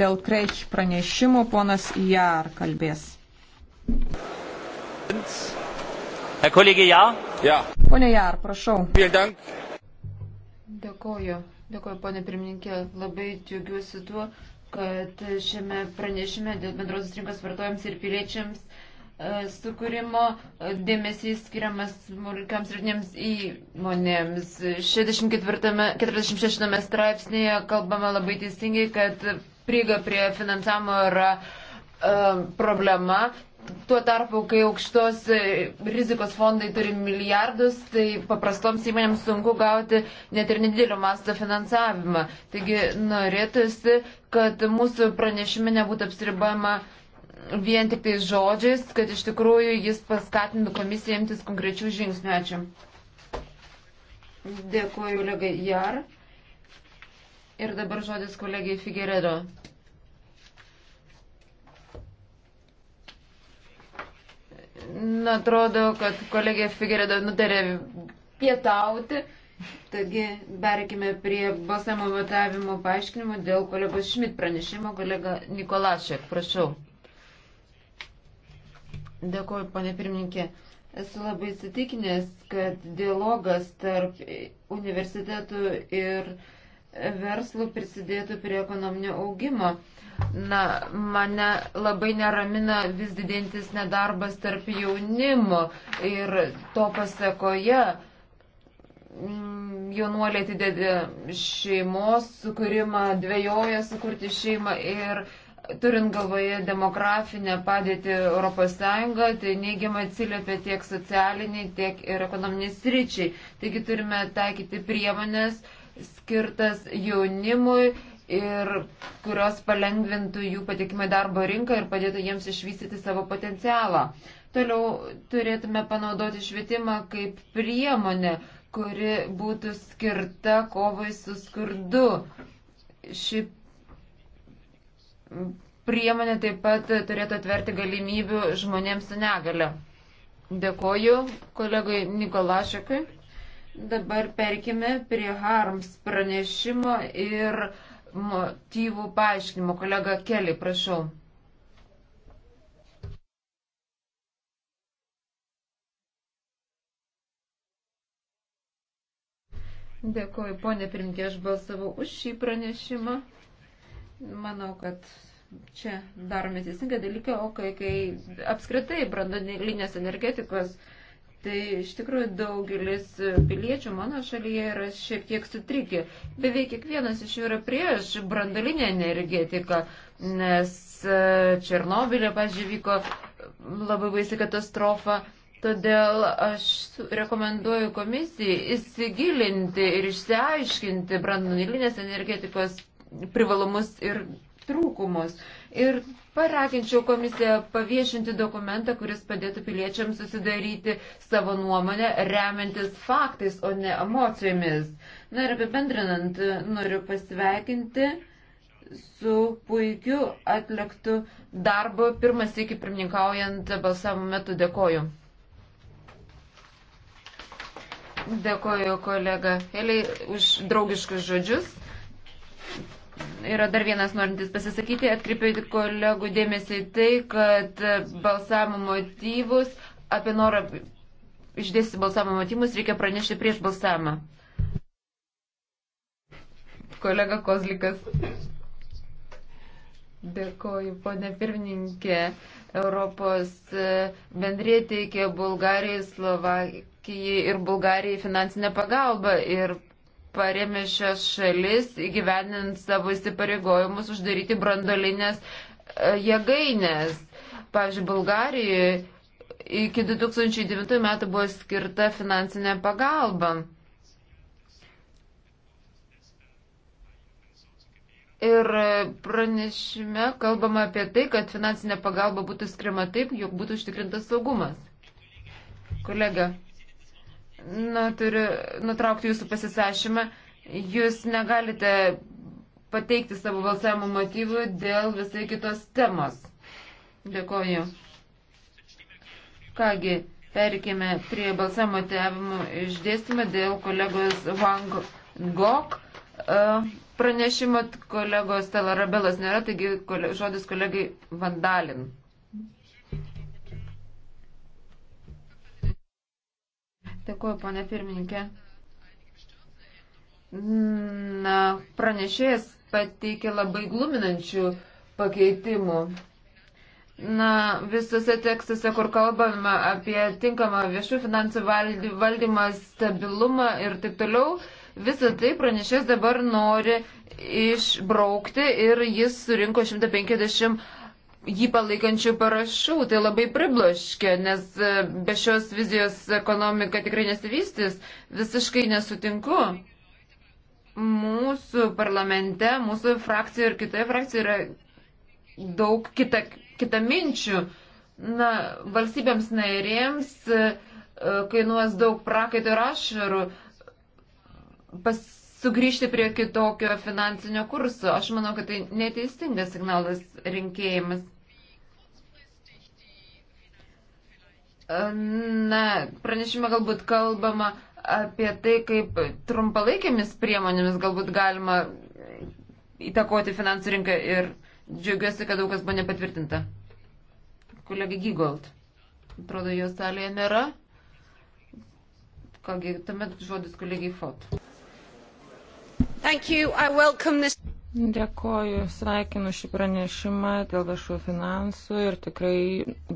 Dėl kreich pranešimų ponas Jar kalbės. Herr Kollege Jar? Ja. Pone Jar, prašau. Dėkoju. Dėkoju, ponė pirmininkė. Labai džiugiuosi tuo, kad šiame pranešime dėl bendrosios rinkos vartojams ir piliečiams e, sukūrimo dėmesys skiriamas smulkiams rytinėms įmonėms. 64, 46 straipsnėje kalbama labai teisingai, kad prieiga prie finansavimo yra uh, problema. Tuo tarpu, kai aukštos e, rizikos fondai turi milijardus, tai paprastoms įmonėms sunku gauti net ir nedidelio masto finansavimą. Taigi norėtųsi, kad mūsų pranešime nebūtų apsiribama vien tik tais žodžiais, kad iš tikrųjų jis paskatintų komisiją imtis konkrečių žingsnių. Ačiū. Dėkuoju, Legai Jar. Ir dabar žodis kolegijai Figueredo. Na, atrodo, kad kolegija Figueredo nutarė pietauti. Taigi, perkime prie balsavimo matavimo paaiškinimo dėl kolegos Šmit pranešimo. Kolega Nikolašek, prašau. Dėkuoju, ponė pirmininkė. Esu labai įsitikinęs, kad dialogas tarp universitetų ir verslų prisidėtų prie ekonominio augimo. Na, mane labai neramina vis didintis nedarbas tarp jaunimo ir to pasakoje mm, jaunuoliai atidedė šeimos sukūrimą, dvėjoja sukurti šeimą ir turint galvoje demografinę padėtį ES, tai neigiamai atsiliepia tiek socialiniai, tiek ir ekonominiai sričiai. Taigi turime taikyti priemonės, uh, skirtas jaunimui ir kurios palengvintų jų patekimą į darbo rinką ir padėtų jiems išvystyti savo potencialą. Toliau turėtume panaudoti švietimą kaip priemonę, kuri būtų skirta kovai su skurdu. Ši priemonė taip pat turėtų atverti galimybių žmonėms su negale. Dėkoju kolegai Nikolašekui. Dabar perkime prie Harms pranešimo ir motyvų paaiškinimo. Kolega Keli, prašau. Dėkuoju, ponė Primtė, aš balsavau už šį pranešimą. Manau, kad čia darome teisingą dalyką, o kai, kai apskritai brandolinės energetikos uh, Tai iš tikrųjų daugelis piliečių mano šalyje yra šiek tiek sutrikę. Beveik kiekvienas iš jų yra prieš brandalinę energetiką, nes e, Černobilė, pažiūrėjau, vyko labai baisi katastrofa. Todėl aš rekomenduoju komisijai įsigilinti ir išsiaiškinti brandalinės energetikos privalumus ir trūkumus. Ir Paraginčiau komisiją paviešinti dokumentą, kuris padėtų piliečiams susidaryti savo nuomonę, remiantis faktais, o ne emocijomis. Na ir apibendrinant, noriu pasveikinti su puikiu atliktu darbu pirmas iki pirmininkaujant balsavimo metu. Dėkoju. Dėkoju kolega Heliai už draugiškus žodžius yra dar vienas norintis pasisakyti. Atkreipiu kolegų dėmesį į tai, kad balsavimo motyvus apie norą išdėsti balsavimo motyvus reikia pranešti prieš balsavimą. Kolega Kozlikas. Dėkoju, ponė pirmininkė. Europos e, bendrė teikė Bulgarijai, Slovakijai ir Bulgarijai finansinę pagalbą ir paremė šias šalis įgyvenint savo įsipareigojimus uždaryti brandolinės e, jėgainės. Pavyzdžiui, Bulgarijoje iki 2009 metų buvo skirta finansinė pagalba. Ir pranešime kalbama apie tai, kad finansinė pagalba būtų skiriama taip, jog būtų užtikrintas saugumas. Kolega, Na, turiu nutraukti jūsų pasisašymą. Jūs negalite pateikti savo balsavimo motyvų dėl visai kitos temos. Dėkoju. Kągi, perikime prie balsavimo motyvimo išdėstymą dėl kolegos Wang Gok e, pranešimo. Kolegos Telarabelas nėra, taigi žodis kolegai Vandalin. Dėkuoju, ponė pirmininkė. Na, pranešėjas pateikė labai gluminančių pakeitimų. Na, visose tekstuose, kur kalbame apie tinkamą viešų finansų valdymą, stabilumą ir taip toliau, visą tai pranešės dabar nori išbraukti ir jis surinko 150 jį palaikančių parašų. Tai labai pribloškia, nes e, be šios vizijos ekonomika tikrai nesivystys. Visiškai nesutinku. Mūsų parlamente, mūsų frakcijoje ir kitoje frakcijoje yra daug kita, kita minčių. Na, valstybėms narėms e, kainuos daug prakaito ir ašarų pas, sugrįžti prie kitokio finansinio kurso. Aš manau, kad tai neteisingas signalas rinkėjimas. Na, pranešime galbūt kalbama apie tai, kaip trumpalaikėmis priemonėmis galbūt galima įtakoti finansų rinką ir džiaugiuosi, kad daug kas buvo nepatvirtinta. Kolegai Gygold. Atrodo, jos salėje nėra. Kągi, tuomet žodis kolegai Fot. Thank you. I welcome this. Dėkoju, sveikinu šį pranešimą dėl viešųjų finansų ir tikrai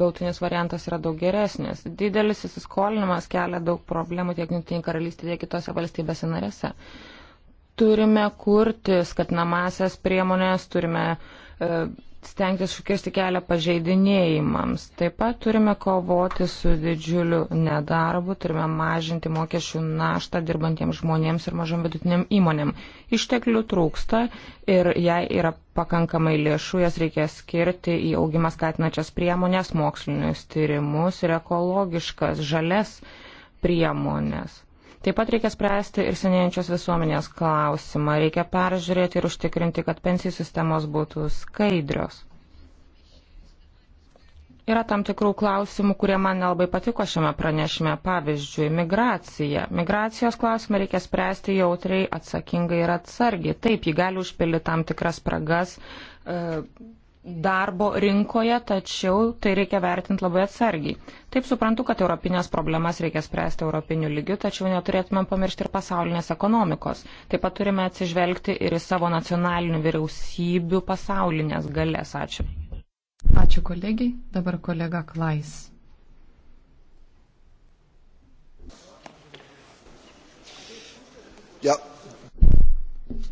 gautinis variantas yra daug geresnis. Didelis įsiskolinimas kelia daug problemų tiek Junktinė karalystė, tiek kitose valstybėse narėse. Turime kurti skatinamasias priemonės, turime e, stengtis užkirsti kelią pažeidinėjimams. Taip pat turime kovoti su didžiuliu nedarbu, turime mažinti mokesčių naštą dirbantiems žmonėms ir mažom vidutiniam įmonėm. Išteklių trūksta ir jei yra pakankamai lėšų, jas reikia skirti į augimą skatinačias priemonės, mokslinius tyrimus ir ekologiškas žalias priemonės. Taip pat reikia spręsti ir senėjančios visuomenės klausimą. Reikia peržiūrėti ir užtikrinti, kad pensijų sistemos būtų skaidrios. Yra tam tikrų klausimų, kurie man nelabai patiko šiame pranešime. Pavyzdžiui, migracija. Migracijos klausimą reikia spręsti jautriai, atsakingai ir atsargiai. Taip, ji gali užpildyti tam tikras spragas. E, darbo rinkoje, tačiau tai reikia vertinti labai atsargiai. Taip suprantu, kad europinės problemas reikia spręsti europiniu lygiu, tačiau neturėtumėm pamiršti ir pasaulinės ekonomikos. Taip pat turime atsižvelgti ir į savo nacionalinių vyriausybių pasaulinės galės. Ačiū. Ačiū kolegiai. Dabar kolega Klais. Ja.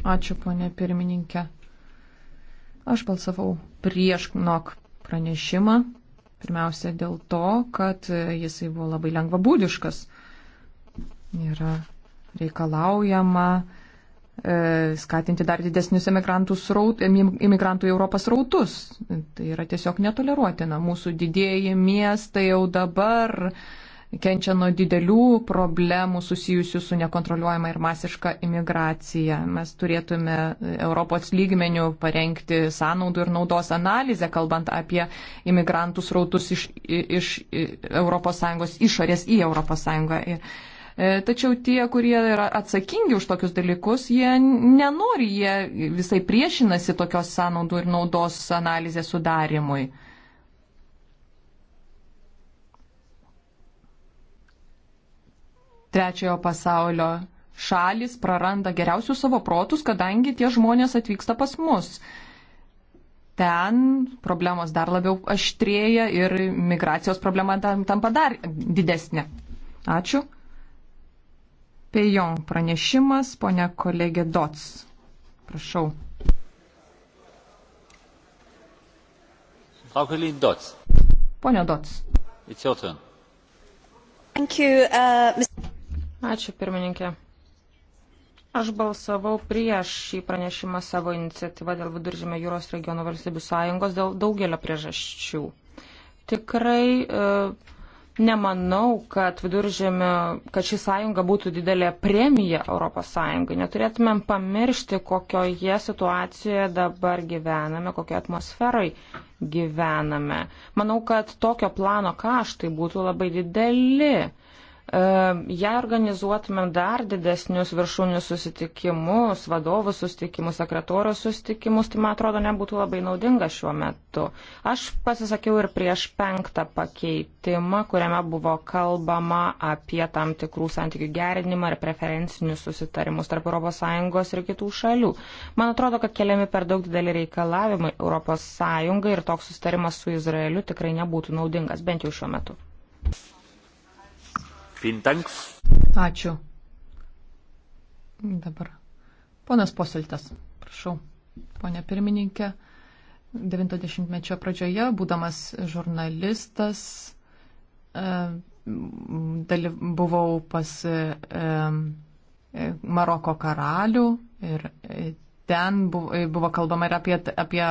Ačiū, ponė pirmininkė. Aš balsavau prieš NOK pranešimą, pirmiausia dėl to, kad jisai buvo labai lengvabūdiškas. Yra reikalaujama e, skatinti dar didesnius sraut, imigrantų į Europos rautus. Tai yra tiesiog netoleruotina. Mūsų didėjai miestai jau dabar e, kenčia nuo didelių problemų susijusių su nekontroliuojama ir masiška imigracija. Mes turėtume Europos lygmenių parengti sąnaudų ir naudos analizę, kalbant apie imigrantų srautus iš, iš ES išorės į ES. E, tačiau tie, kurie yra atsakingi už tokius dalykus, jie nenori, jie visai priešinasi tokios sąnaudų ir naudos analizės sudarimui. trečiojo pasaulio šalis praranda geriausius savo protus, kadangi tie žmonės atvyksta pas mus. Ten problemos dar labiau aštrėja ir migracijos problema tampa dar didesnė. Ačiū. Pejon pranešimas, ponia kolegė Dots. Prašau. Frau Kollegin Dots. Ponia Dots. It's your turn. Thank you, uh, Mr. Ačiū pirmininkė. Aš balsavau prieš šį pranešimą savo iniciatyvą dėl Viduržėmio jūros regiono valstybių sąjungos dėl daugelio priežasčių. Tikrai e, nemanau, kad Viduržėmio, kad ši sąjunga būtų didelė premija Europos sąjungai. Neturėtumėm pamiršti, kokioje situacijoje dabar gyvename, kokioje atmosferoje gyvename. Manau, kad tokio plano kaštai būtų labai dideli jei ehm, ja, organizuotumėm dar didesnius viršūnių susitikimus, vadovų susitikimus, sekretorių susitikimus, tai man atrodo nebūtų labai naudinga šiuo metu. Aš pasisakiau ir prieš penktą pakeitimą, kuriame buvo kalbama apie tam tikrų santykių gerinimą ir preferencinius susitarimus tarp ES ir kitų šalių. Man atrodo, kad keliami per daug dideli reikalavimai ES ir toks susitarimas su Izraeliu tikrai nebūtų naudingas, bent jau šiuo metu. Ačiū. Dabar. Ponas Posiltas, prašau. Pone pirmininkė, 90-mečio pradžioje, būdamas žurnalistas, e, buvau pas e, e, Maroko karalių ir ten buvo kalbama ir apie, apie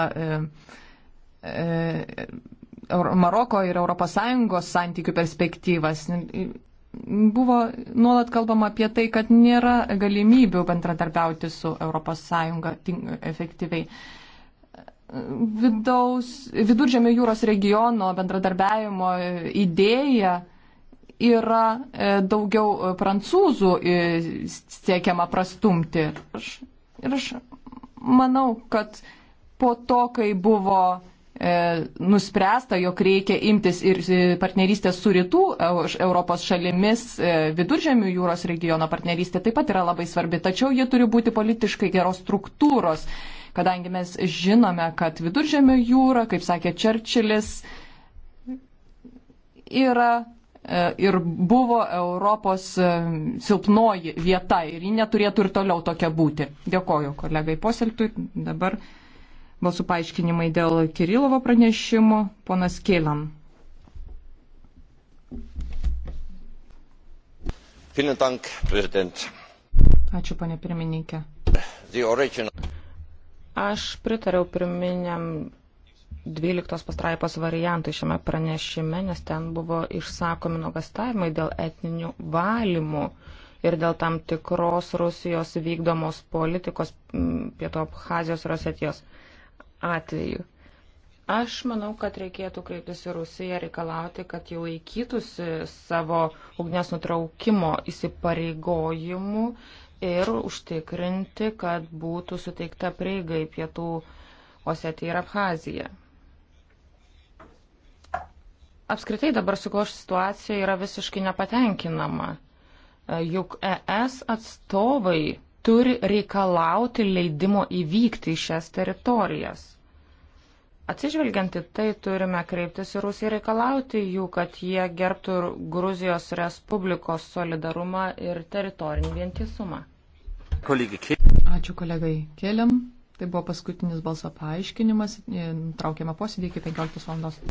Maroko ir ES santykių perspektyvas buvo nuolat kalbama apie tai, kad nėra galimybių bendradarbiauti su ES efektyviai. Vidaus, viduržėmio jūros regiono bendradarbiavimo idėja yra e, daugiau e, prancūzų e, siekiama prastumti. Ir aš manau, kad po to, kai buvo E, nuspręsta, jog reikia imtis ir e, partnerystės su rytų Europos šalimis, e, viduržėmių jūros regiono partnerystė taip pat yra labai svarbi, tačiau ji turi būti politiškai geros struktūros, kadangi mes žinome, kad viduržėmių jūra, kaip sakė Čerčilis, yra ir buvo Europos silpnoji vieta ir ji neturėtų ir toliau tokia būti. Dėkoju kolegai Poseltui. Dabar Balsų paaiškinimai dėl Kirilovo pranešimo. Ponas Kėlam. Ačiū, ponė pirmininkė. Aš pritariau pirminiam 12 pastraipos variantui šiame pranešime, nes ten buvo išsakomi nuogastavimai dėl etninių valymų ir dėl tam tikros Rusijos vykdomos politikos pietų Abhazijos ir Osetijos atveju. Aš manau, kad reikėtų kreiptis į Rusiją reikalauti, kad jau laikytųsi savo ugnies nutraukimo įsipareigojimų ir užtikrinti, kad būtų suteikta prieiga į pietų Osetiją ir Abhaziją. Apskritai dabar sukloš situacija yra visiškai nepatenkinama. Juk ES atstovai turi reikalauti leidimo įvykti į šias teritorijas. Atsižvelgiant į tai, turime kreiptis į Rusiją reikalauti jų, kad jie gerbtų Gruzijos Respublikos solidarumą ir teritorinį vientisumą. Ačiū kolegai Keliam. Tai buvo paskutinis balso paaiškinimas. Traukiame posėdį iki 15 val.